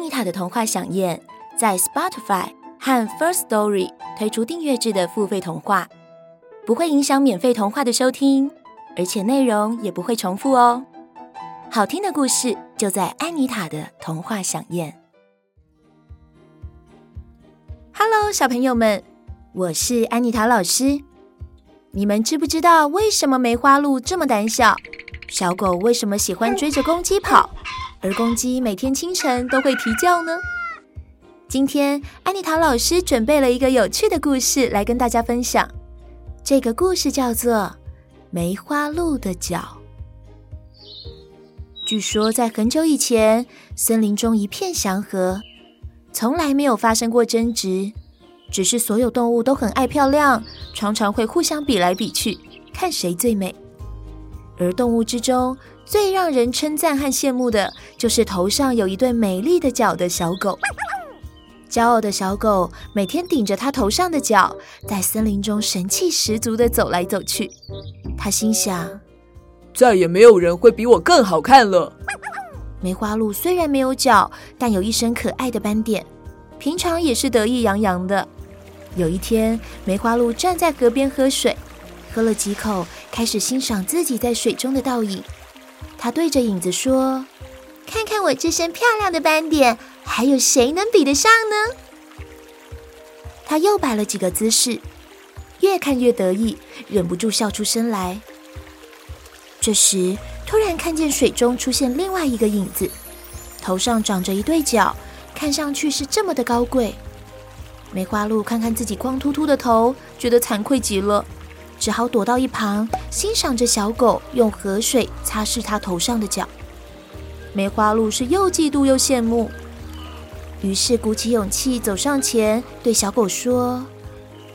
安妮塔的童話饗宴在 Spotify 和 First Story 推出訂閱制的付費童話，不會影響免費童話的收聽，而且內容也不會重複哦。好聽的故事就在安妮塔的童話饗宴。Hello，小朋友們，我是安妮塔老師。你們知不知道為什麼梅花鹿這麼膽小？小狗為什麼喜歡追着公雞跑？而公雞每天清晨都會啼叫呢。今天，安妮塔老師準備了一個有趣的故事來跟大家分享。這個故事叫做《梅花鹿的角》。據說，在很久以前，森林中一片祥和，從來沒有發生過爭執。只是所有動物都很愛漂亮，常常會互相比來比去，看誰最美。而動物之中，最讓人稱讚和羨慕的就是頭上有一對美麗的角的小狗。驕傲的小狗每天頂着它頭上的角，在森林中神氣十足地走來走去。它心想：“再也沒有人會比我更好看了。”梅花鹿雖然沒有角，但有一身可愛的斑點，平常也是得意洋洋的。有一天，梅花鹿站在河邊喝水，喝了幾口，開始欣賞自己在水中的倒影。他對着影子說：“看看我這身漂亮的斑點，還有誰能比得上呢？”他又擺了幾個姿勢，越看越得意，忍不住笑出聲來。這時，突然看見水中出現另外一個影子，頭上長着一對角，看上去是這麼的高貴。梅花鹿看看自己光禿禿的頭，覺得慚愧極了。只好躲到一旁，欣賞着小狗用河水擦拭它頭上的角。梅花鹿是又嫉妒又羨慕，於是鼓起勇氣走上前，對小狗說：“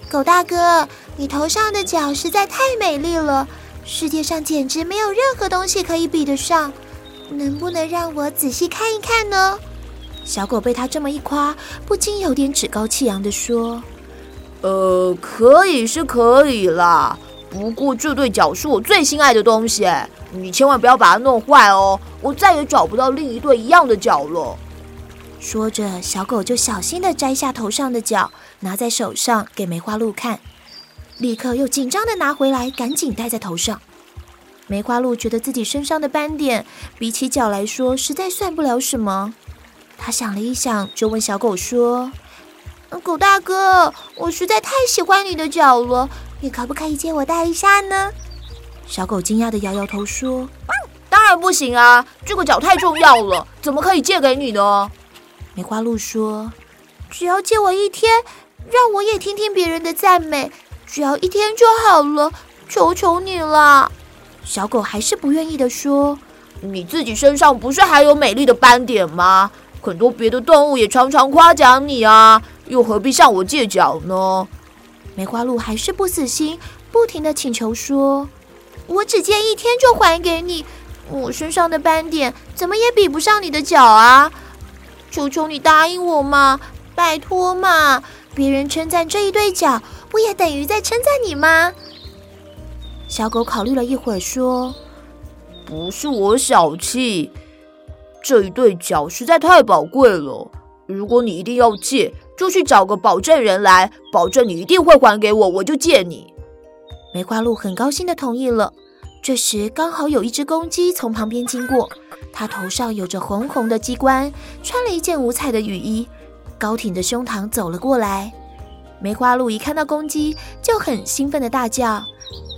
狗大哥，你頭上的角實在太美麗了，世界上簡直沒有任何東西可以比得上，能不能讓我仔細看一看呢？”小狗被他這麼一誇，不禁有點趾高氣揚地說。呃，可以是可以啦，不過這對角是我最心愛的東西，你千萬不要把它弄壞哦，我再也找不到另一對一樣的角了。說着，小狗就小心地摘下頭上的角，拿在手上給梅花鹿看，立刻又緊張地拿回來，趕緊戴在頭上。梅花鹿覺得自己身上的斑點比起角來說，實在算不了什麼。他想了一想，就問小狗說。狗大哥，我實在太喜歡你的角了，你可不可以借我戴一下呢？小狗驚訝地搖搖頭說：“當然不行啊，這個角太重要了，怎麼可以借給你呢？”梅花鹿說：“只要借我一天，讓我也聽聽別人的讚美，只要一天就好了，求求你了。”小狗還是不願意地說：“你自己身上不是還有美麗的斑點嗎？”很多別的動物也常常誇獎你啊，又何必向我借腳呢？梅花鹿還是不死心，不停地請求說：“我只借一天就還給你，我身上的斑點怎麼也比不上你的腳啊！求求你答應我嘛，拜託嘛！別人稱讚這一對腳，不也等於在稱讚你嗎？”小狗考慮了一會兒，說：“不是我小氣。”這一對角實在太寶貴了。如果你一定要借，就去找個保證人來，保證你一定會還給我，我就借你。梅花鹿很高興地同意了。這時，剛好有一只公雞從旁邊經過，它頭上有着紅紅的雞冠，穿了一件五彩的雨衣，高挺的胸膛走了過來。梅花鹿一看到公雞，就很興奮地大叫：“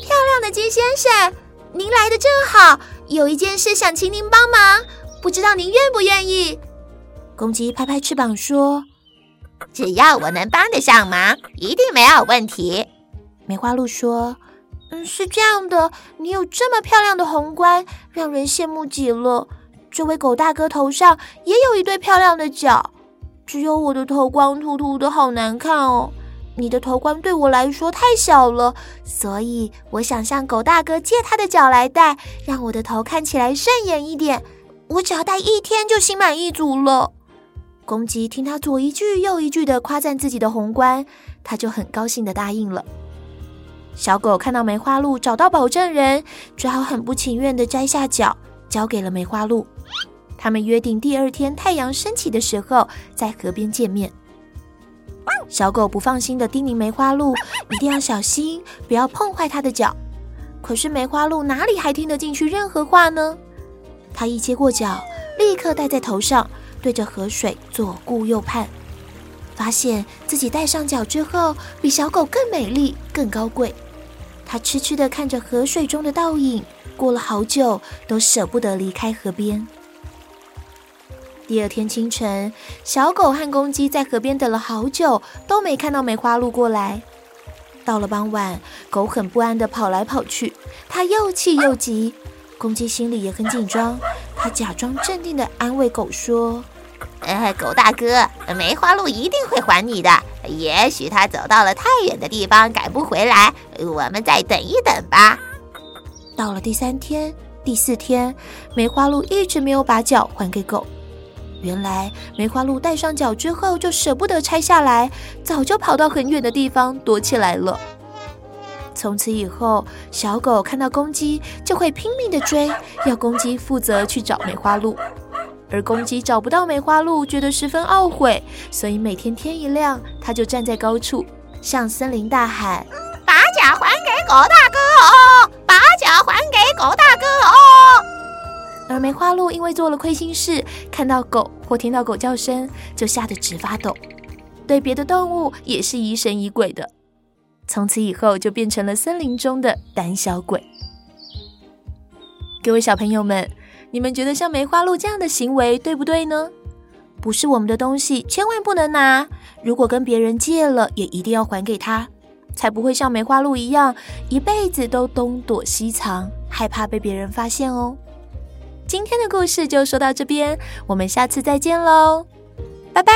漂亮的雞先生，您來得正好，有一件事想請您幫忙。”不知道您願不願意？公雞拍拍翅膀說：“只要我能幫得上忙，一定沒有問題。”梅花鹿說：“嗯，是這樣的，你有這麼漂亮的紅冠，讓人羨慕極了。這位狗大哥頭上也有一對漂亮的角，只有我的頭光禿禿的，好難看哦。你的頭冠對我來說太小了，所以我想向狗大哥借他的角來戴，讓我的頭看起來順眼一點。”我只要戴一天就心滿意足了。公雞聽他左一句右一句的誇讚自己的紅冠，他就很高興的答應了。小狗看到梅花鹿找到保證人，只好很不情願的摘下角交給了梅花鹿。他們約定第二天太陽升起的時候在河邊見面。小狗不放心的叮嚀梅花鹿一定要小心，不要碰壞他的角。可是梅花鹿哪裡還聽得進去任何話呢？它一接過角，立刻戴在頭上，對着河水左顧右盼，發現自己戴上角之後，比小狗更美麗、更高貴。它痴痴地看着河水中的倒影，過了好久，都捨不得離開河邊。第二天清晨，小狗和公雞在河邊等了好久，都沒看到梅花鹿過來。到了傍晚，狗很不安地跑來跑去，它又氣又急。公雞心裡也很緊張，它假裝鎮定地安慰狗說：“呃，狗大哥，梅花鹿一定會還你的。也許它走到了太遠的地方，趕不回來。我們再等一等吧。”到了第三天、第四天，梅花鹿一直沒有把腳還給狗。原來，梅花鹿戴上腳之後就捨不得拆下來，早就跑到很遠的地方躲起來了。從此以後，小狗看到公雞就會拼命的追，要公雞負責去找梅花鹿。而公雞找不到梅花鹿，覺得十分懊悔，所以每天天一亮，它就站在高處向森林大喊：“把腳還給狗大哥哦！把腳還給狗大哥哦！”而梅花鹿因為做了虧心事，看到狗或聽到狗叫聲，就嚇得直發抖，對別的動物也是疑神疑鬼的。從此以後就變成了森林中的膽小鬼。各位小朋友們，你們覺得像梅花鹿這樣的行為對不對呢？不是我們的東西千萬不能拿，如果跟別人借了，也一定要還給他，才不會像梅花鹿一樣一輩子都東躲西藏，害怕被別人發現哦。今天的故事就說到這邊，我們下次再見嘍，拜拜。